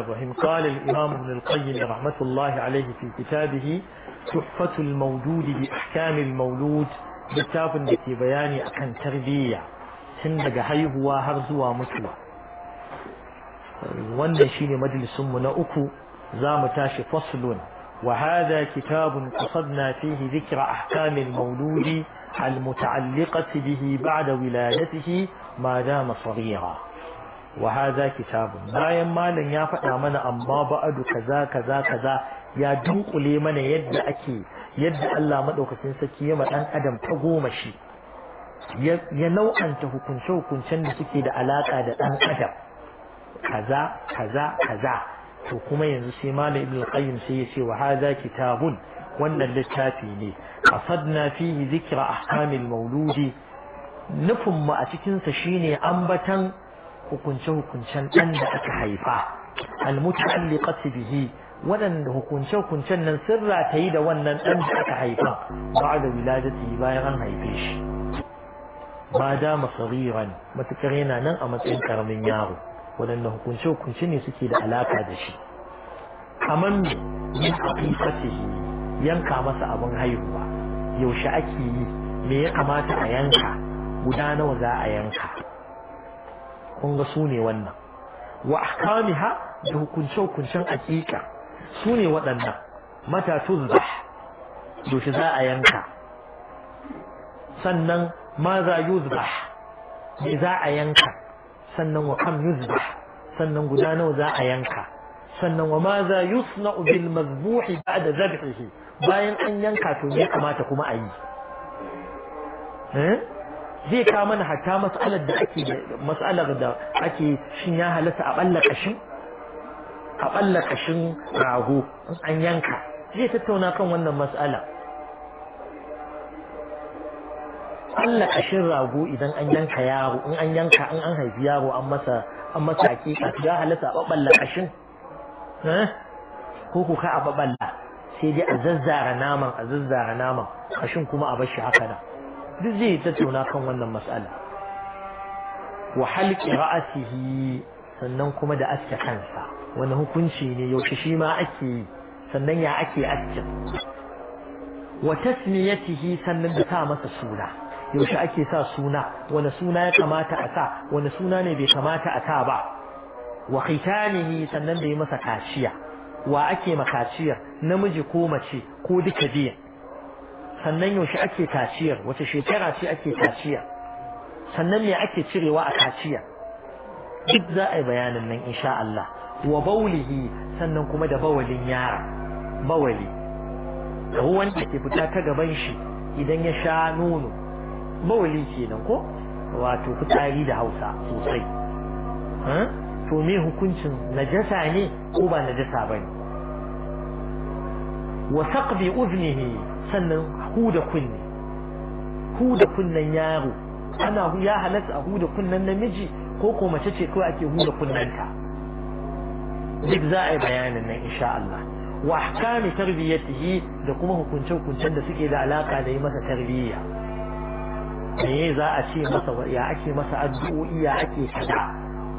الرحيم قال الإمام ابن القيم رحمة الله عليه في كتابه تحفة المولود بأحكام المولود كتاب في بيان bayani تربية tarbiyya tun وهرز ومتوى ونشين مجلس من أكو shine majalisunmu وهذا كتاب قصدنا فيه ذكر أحكام المولود المتعلقة به بعد ولادته ما دام صغيرا وهذا كتاب bayan malam ya faɗa mana amma ba'adu kaza kaza kaza ya dunkule mana yadda ake yadda Allah madaukakin saki ya dan adam ta goma shi ya nau'anta hukunce hukuncen da suke da alaka da dan adam kaza kaza kaza to kuma yanzu sai malam ibn qayyim sai ya ce wa hadha kitabun wannan littafi ne qasadna fihi zikra ahkamil mawludi nufin mu a cikin sa shine ambatan hukunce-hukuncen ɗan da aka haifa almuta'alliqati bihi waɗanda hukunce-hukuncen nan sun ratayi da wannan ɗan da aka haifa ba da wiladati bayan an haife shi ma dama sariran matuƙar yana nan a matsayin ƙaramin yaro waɗanda hukunce-hukunce ne suke da alaƙa da shi kamar me yin aqiqatihi yanka masa abin haihuwa yaushe ake yi me ya kamata a yanka guda nawa za a yanka kun ga su ne wannan wa ahkamiha da hukunce hukuncen aqiqa su ne waɗannan mata tuzbah yaushe za a yanka sannan ma za yuzba me za a yanka sannan wa kam yuzba sannan guda nawa za a yanka sannan wa ma za yusna bil mazbuhi ba'da zabhihi bayan an yanka to me kamata kuma a yi eh? zai ka mana hatta mas'alar da ake mas'alar da ake shin ya halatta a balla kashin a balla kashin rago an yanka zai tattauna kan wannan mas'ala balla kashin rago idan an yanka yaro in an yanka in an haifi yaro an masa an masa hakika ya halatta a balla kashin eh? ko ku ka a balla sai dai a zazzara naman a zazzara naman kashin kuma a bar shi haka nan duk zai tattauna kan wannan mas'ala wa halqi ra'asihi sannan kuma da aske kansa wani hukunci ne yaushe shi ma ake sannan ya ake aske wa tasmiyatihi sannan da sa masa suna yaushe ake sa suna wani suna ya kamata a sa wani suna ne bai kamata a sa ba wa khitanihi sannan da yi masa kaciya wa ake makaciyar namiji ko mace ko duka biyan sannan yaushe ake kaciyar wace shekara ce ake kaciya sannan me ake cirewa a kaciya duk za a yi bayanin nan insha Allah wa baulihi sannan kuma da bawalin yara bawali ruwan da ke fita ta gaban shi idan ya sha nono bawali kenan ko wato fitsari da Hausa sosai to me hukuncin najasa ne ko ba najasa bane wa saqbi uznihi sannan huda kunne huda kunnen yaro ana ya halatta a huda kunnen namiji ko ko mace ce kawai ake huda kunnenta duk za a yi bayanin nan insha Allah wa ahkami tarbiyatihi da kuma hukunce hukuncen da suke da alaka da yi masa tarbiyya me za a ce masa ya ake masa addu'o'i ya ake kada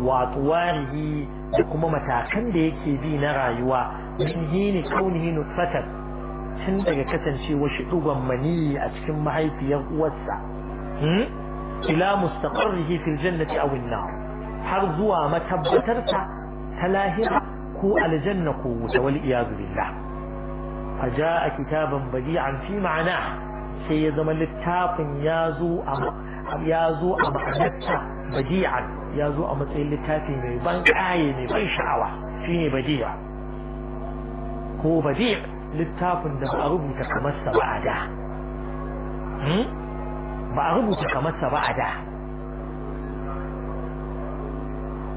wa warihi da kuma matakan da yake bi na rayuwa min hini kaunihi nutfatan tun daga kasancewa wasu dugon maniyi a cikin mahaifiyar uwarsa hmm? ila mustaqarrihi fil jannati aw an har zuwa matabbatarsa ta lahira ko aljanna ko wuta wal iyad billah fa jaa kitaban badi'an fi ma'ana sai ya zama littafin ya zo a ya a ma'anarsa badi'an ya a matsayin littafi mai ban kaye mai ban sha'awa shine badi'a ko badi'a littafin da ba a rubuta kamar sa ba a da ba a rubuta kamar sa ba a da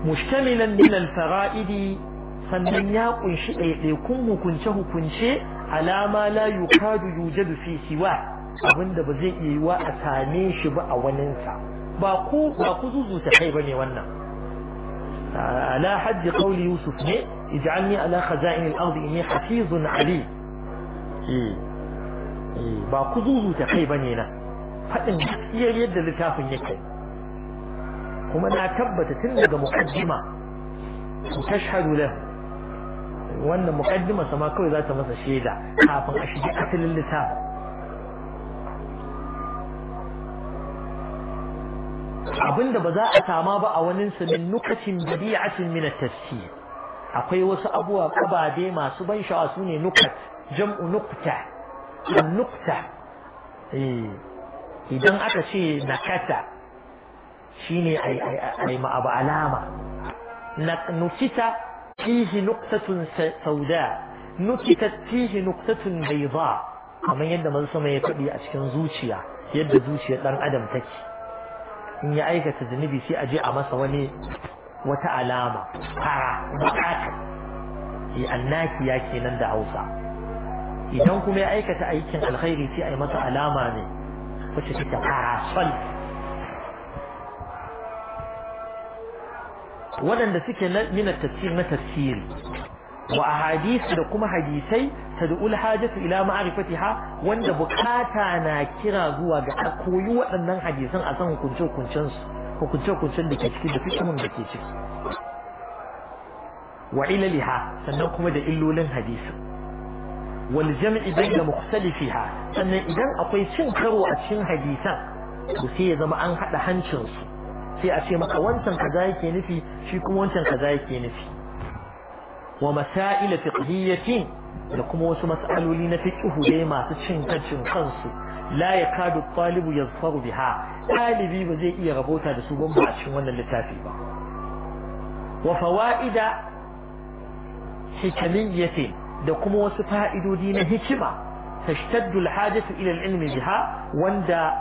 mushtamilan min al-fara'idi sannan ya kunshi kun hukunce-hukunce alama la yukadu yujadu fi siwa abinda ba zai yi wa a same shi ba a sa ba ku ba ku zuzuta kai bane wannan ala haddi qawli yusuf ne ij'alni ala khaza'in al-ardi inni hafizun alim ba ku zuzuta kai ba ne na faɗin gaskiyar yadda littafin yake kuma na tabbata tun daga muƙaddima ku tashhadu lahu wannan muƙaddima sama kawai za ta masa shaida kafin a shiga asalin littafin abinda ba za a sama ba a wani sanin nukacin bidiyacin min akwai wasu abubuwa kababe masu ban sha'awa sune nukat jam'u nukta nukta eh, idan aka ce nakata shine ai abu alama nukita fihi nuktatun sauda nukitat fihi nuktatun bayda kamar yadda man sama ya faɗi a cikin zuciya yadda zuciyar ɗan adam take in ya aikata zunubi sai a je a masa wani wata alama fara bukata yi eh, annaki ya kenan da hausa idan kuma ya aikata aikin alkhairi sai a yi masa alama ne wacce take karasal waɗanda suke mina tafsir na tafsiri wa ahadisi da kuma hadisai tad'ul hajatu ila ma'rifatiha wanda bukata na kira zuwa ga koyi waɗannan hadisan a san hukunce hukuncen su hukunce hukuncen da ke ciki da fikimin da ke ciki wa ilaliha sannan kuma da illolin hadisin والجمع بين مختلفها أن إذا أقول شن شنكر وأشن حديثا وسي إذا ما أنحد حنشنس سي أشي مكا وانتن كذلك ينفي شيكم وانتن كذلك ينفي ومسائل فقهية لكم وسو مسألة لنا ما ديما تشنكر شنكرس لا يكاد الطالب يظفر بها طالبي بزي iya rabota da su ban a cikin wannan littafi ba wa fawaida hikamiyyati da kuma wasu fa'idodi na hikima tashtaddu alhajatu ila alilmi biha wanda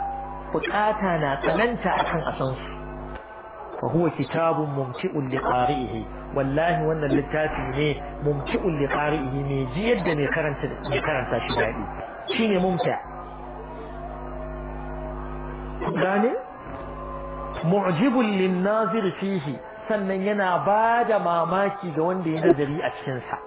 bukata na tsananta akan asan su fa huwa kitabun mumti'un liqari'ihi wallahi wannan littafi ne mumti'un liqari'ihi ne ji yadda mai karanta mai karanta shi dadi shine mumta gane mu'jibun lin nazir fihi sannan yana bada mamaki ga wanda ya nazari a cikin sa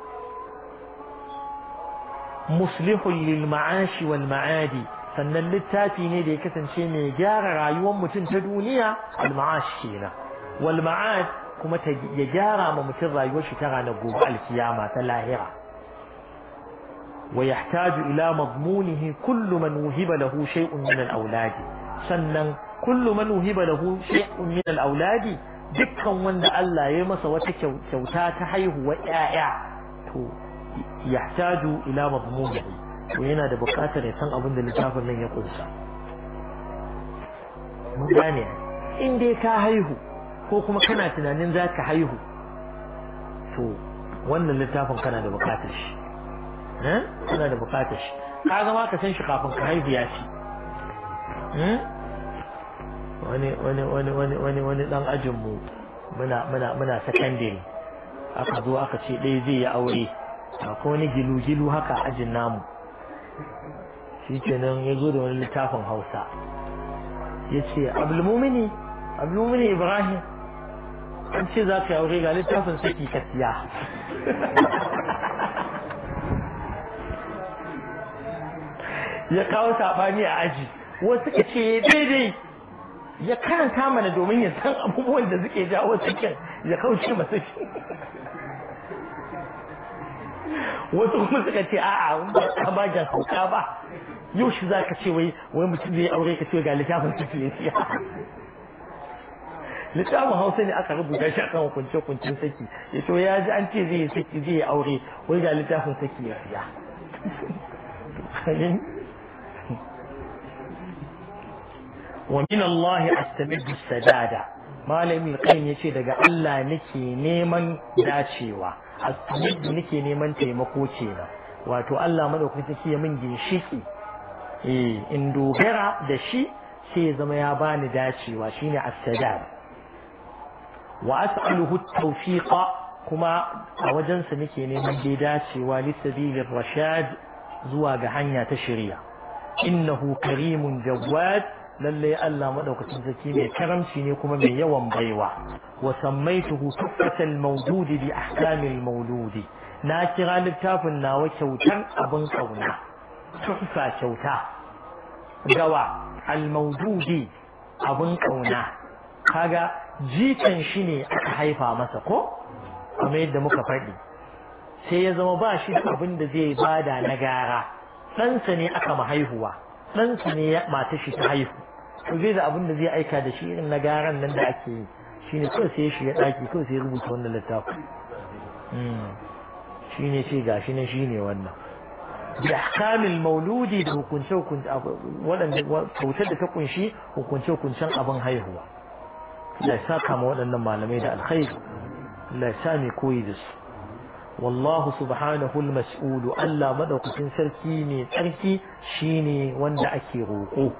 muslihun lil ma'ashi wal ma'adi sannan littafi ne da ya kasance mai gyara rayuwar mutum ta duniya al ma'ash kenan wal ma'ad kuma ta ya gyara ma mutum rayuwar shi ta ranar gobe alkiyama ta lahira wa yahtaju ila madmunihi kullu man wuhiba lahu shay'un min al awladi sannan kullu man wuhiba lahu shay'un min al awladi dukkan wanda Allah ya masa wata kyauta ta haihuwa ƴaƴa to yahtaju ila mazmunihi to yana da buƙatar ya san abin da littafin nan ya kunsa mun gane in dai ka haihu ko kuma kana tunanin za ka haihu to wannan littafin kana da buƙatar shi eh? kana da buƙatar shi ka zama ka san shi kafin ka haihu ya hmm? wani wani wani wani wani wani dan ajin mu muna muna muna aka zo aka ce ɗaya zai yi aure akwai wani gilu-gilu haka ajin namu shi kenan ya zo da wani littafin hausa ya ce abulmumini abulmumini ibrahim an ce za ka yi aure ga littafin saki ka siya ya kawo saɓani a aji wasu ka ce daidai ya karanta mana domin ya san abubuwan da suke jawo cikin ya kauce masu shi wasu kuma suka ce a'a in ba ka ba ja sauka ba yau shi za ka ce wai wai mutum zai aure ka ce ga littafin tafiye siya littafin hausa ne aka rubuta shi akan hukunce hukuncin saki ya ce ya ji an ce zai yi saki zai yi aure wai ga littafin saki ya siya min Allah astamiddu sadada malamin kai ne ce daga Allah nake neman dacewa. yadda nake neman taimako kenan wato Allah madaukakin sarki ya min ginshiki eh in dogara da shi sai zama ya bani dacewa shine as sadaq wa as'aluhu at-tawfiqa kuma a wajen sa nake neman dai dacewa li sabilir rashad zuwa ga hanya ta shari'a innahu karimun jawwad lalle Allah madaukakin sarki mai karamci ne kuma mai yawan baiwa wa sammaituhu tuffatal mawdudi bi ahkamil mawludi na kira littafin nawa kyautar abin kauna tuffa kyauta gawa al mawdudi abin kauna kaga jikan shi ne aka haifa masa ko kamar yadda muka faɗi sai ya zama ba shi da abin da zai bada na gara ɗansa ne aka mahaihuwa ɗansa ne mata shi ta haihu to zai da abin da zai aika da shi irin na garan nan da ake yi shine kawai sai ya shiga ɗaki kawai sai ya rubuta wannan littafin hmm. shine ce gashi shi ne wannan da ahkamil mauludi da hukunce hukunce waɗanda kyautar da ta kunshi hukunce hukuncen abin haihuwa Allah ya saka ma waɗannan malamai da alkhairi Allah ya sa mai koyi da su والله سبحانه المسؤول ألا مدوك تنسلكي من أركي شيني wanda ake روقوه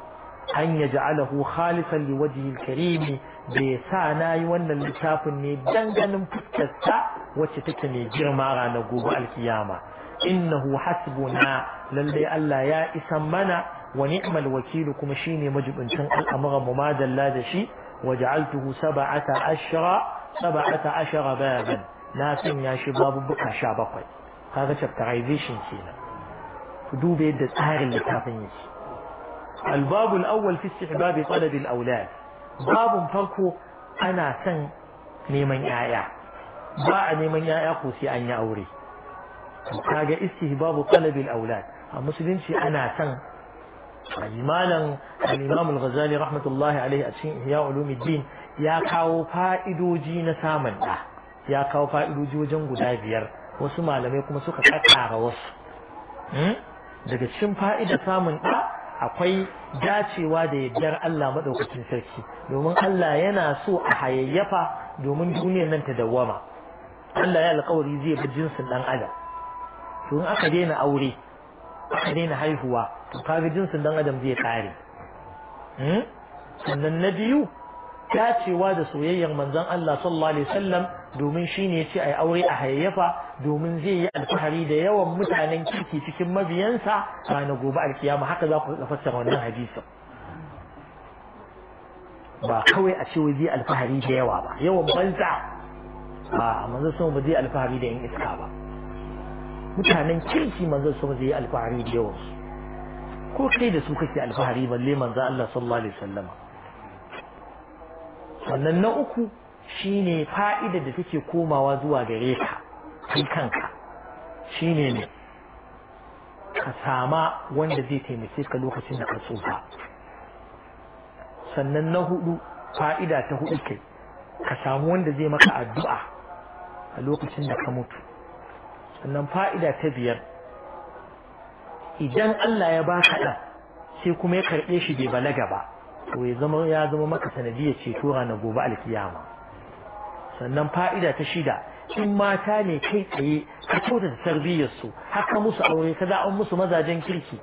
أن يجعله خالصا لوجه الكريم بسانا يوانا اللتاف دنجن فتكسا وشتتني جرمارا نقوب الكيامة إنه حسبنا للي ألا يا إسمنا ونعم الوكيل كمشيني مجب إن إنسان الأمر ممادا لا شيء وجعلته سبعة عشر سبعة عشر بابا ناسم يا شباب بك شابقا هذا شابترايزيشن سينا فدو بيد tsarin اللي yake الباب الأول في استحباب طلب الأولاد باب فرقه أنا سن نيمن آية باع نيمن آية قوسي أن يأوري كاجة استحباب طلب الأولاد المسلم شي أنا سن المال الإمام الغزالي رحمة الله عليه أتشين علوم الدين يا كاوفا إدوجي نسامن آه يا كاوفا إدوجي وجنقو دابير وسمع لم يكن سوكا كاكا وص هم؟ daga cikin fa'idar samun ɗa akwai dacewa da yaddar Allah maɗaukacin sarki domin Allah yana so a hayayyafa domin duniyar nan ta dawwama Allah ya alƙawari zai bi jinsin ɗan adam to in aka daina aure aka daina haihuwa to kaga jinsin ɗan adam zai ƙare hmm? sannan na biyu dacewa da soyayyar manzon Allah sallallahu alaihi wasallam domin shi ne ce a yi aure a hayayyafa domin zai yi alfahari da yawan mutanen kirki cikin mabiyansa ranar gobe alkiyama haka za ku fassara wannan hadisin ba kawai a ce wai zai alfahari da yawa ba yawan banza ba manzo sun ba zai alfahari da yin iska ba mutanen kirki manzo sun zai alfahari da yawan ko kai da su kake alfahari balle manzo Allah sallallahu alaihi wasallama sannan na uku Shi ne fa'ida da take komawa zuwa gare ka kai kanka Shi ne ka sama wanda zai taimake ka lokacin da ka tsufa sannan na hudu fa'ida ta hudu kai ka samu wanda zai maka addu'a a lokacin da ka mutu sannan fa'ida ta biyar idan Allah ya baka ɗan sai kuma ya karɓe shi bai balaga ba to ya zama ya zama maka sanadiyar ceto na gobe alkiyama sannan fa'ida ta shida in mata ne kai tsaye ka kyautata tarbiyyarsu haka musu aure ka za musu mazajen kirki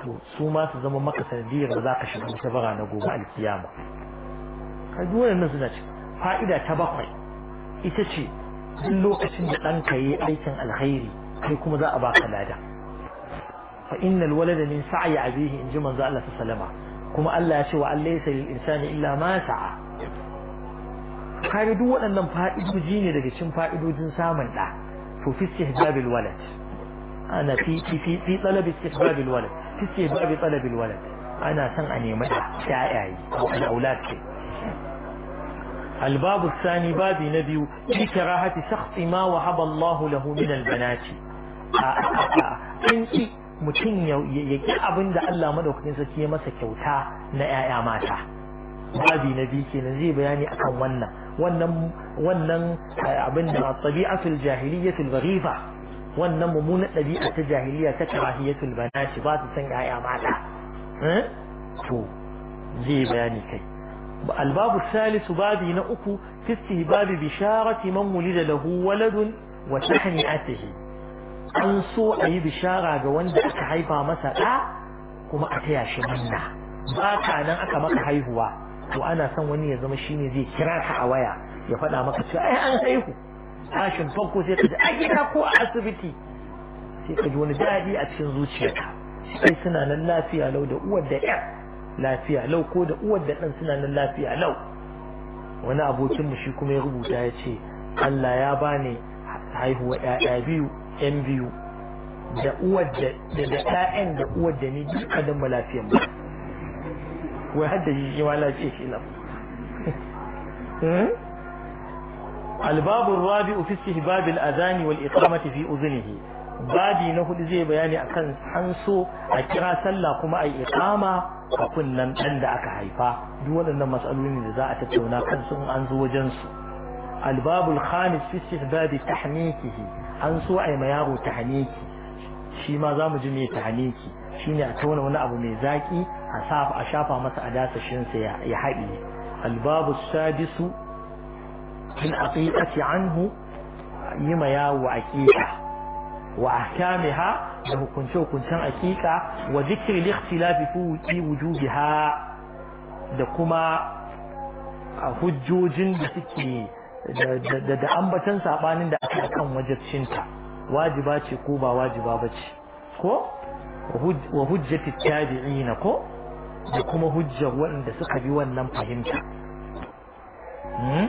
to su ma su zama maka sanadiyar da za ka shiga wata bara na gobe alkiyama ka ji wannan suna ci fa'ida ta bakwai ita ce duk lokacin da ɗanka yi aikin alkhairi kai kuma za a baka lada fa innal walada min sa'i abihi in ji manzo Allah sallama kuma Allah ya ce wa allaysa lil insani illa ma sa'a kare duk waɗannan fa'idoji ne daga cikin fa'idojin samun da to fi istihbabil walad ana fi fi fi fi talab istihbabil walad fi istihbabi talabil walad ana san a nemi da yayaye ko al'aulad ce الباب الثاني ma wa haba Allah lahu min وهب الله له من البنات abinda Allah madaukakin أبن الله masa kyauta na yaya mata babi na biyu kenan zai bayani akan wannan wannan wannan abin da tabi'a fil jahiliyya fil gharifa wannan mumuna ɗabi'a ta jahiliyya ta karahiyatul banati ba su san yaya mata to zai bayani kai الباب الثالث بابي نأكو في استهباب بشارة من ولد له ولد وتهنئته an so a yi bishara ga wanda aka haifa masa ɗa kuma a taya manna ba ka nan aka maka haihuwa to ana son wani ya zama shi ne zai kira ka a waya ya faɗa maka cewa ai an haihu tashin farko sai ka ji a gida ko a asibiti sai ka ji wani daɗi a cikin zuciyarka sai suna nan lafiya lau da uwar da ɗan lafiya lau ko da uwar da ɗan suna nan lafiya lau wani abokinmu shi kuma ya rubuta ya ce Allah ya bani haihuwa ɗaya biyu ƴan biyu da uwar da da ƴaƴan da uwar da ni duka dan mu mu وهذا الجوالات ايش الأمر الباب الرابع في استحباب الأذان والإقامة في أذنه babi na hudu zai bayani akan an so a kira sallah kuma a yi ikama a kunnen ɗan da aka haifa duk waɗannan matsaloli da za a tattauna kan sun an zo wajen su albabul khamis fi istihbabi tahmikihi an so a yi ma yaro tahmiki shi ma za mu ji mai tahniki shine a tona wani abu mai zaki a safa a shafa masa a dasashinsa ya haɗi albabu sadisu min aqiqati anhu yima yawo aqiqa wa ahkamiha da hukunce hukuncen aqiqa wa dhikri al-ikhtilafi fi wujubiha da kuma hujjojin da suke da ambatan sabanin da aka kan wajibcinta wajiba ce ko ba wajiba ba ce ko wa hujjati tabi'ina ko da kuma hujjar waɗanda suka bi wannan fahimta hmm?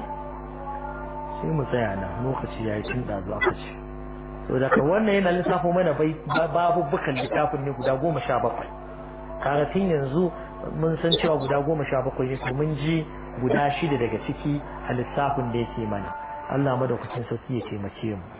sai mu tsaya nan lokaci ya yi tun ɗazu aka ce to daga wannan yana lissafo mana babubukan littafin ne guda goma sha bakwai kaga tun yanzu mun san cewa guda goma sha bakwai ne to mun ji guda shida daga ciki a lissafin da yake mana Allah madaukakin sarki ya taimake mu